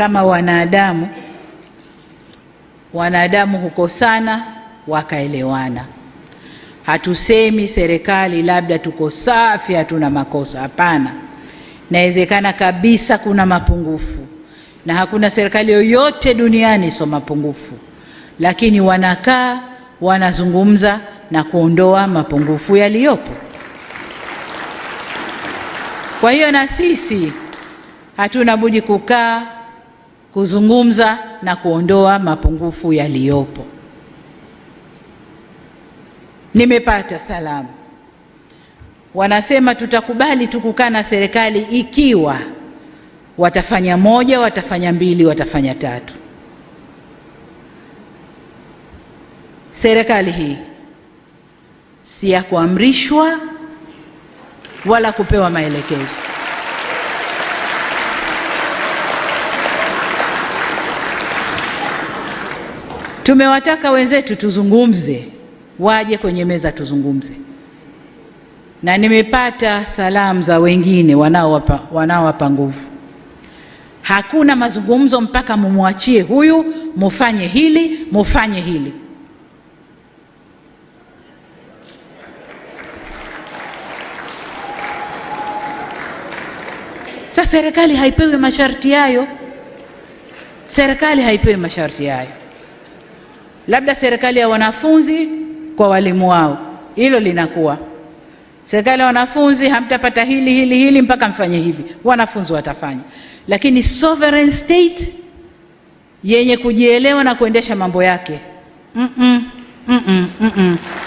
kama wanadamu, wanadamu hukosana wakaelewana. Hatusemi serikali labda tuko safi, hatuna makosa. Hapana, inawezekana kabisa kuna mapungufu, na hakuna serikali yoyote duniani sio mapungufu, lakini wanakaa wanazungumza na kuondoa mapungufu yaliyopo. Kwa hiyo na sisi hatuna budi kukaa kuzungumza na kuondoa mapungufu yaliyopo. Nimepata salamu wanasema tutakubali tu kukaa na serikali ikiwa watafanya moja, watafanya mbili, watafanya tatu. Serikali hii si ya kuamrishwa wala kupewa maelekezo. Tumewataka wenzetu tuzungumze, waje kwenye meza tuzungumze, na nimepata salamu za wengine wanaowapa wanaowapa nguvu. Hakuna mazungumzo mpaka mumwachie huyu, mufanye hili, mufanye hili. Sasa serikali haipewi masharti hayo, serikali haipewi masharti hayo labda serikali ya wanafunzi kwa walimu wao, hilo linakuwa serikali ya wanafunzi, hamtapata hili hili hili mpaka mfanye hivi, wanafunzi watafanya. Lakini sovereign state yenye kujielewa na kuendesha mambo yake mm -mm, mm -mm, mm -mm.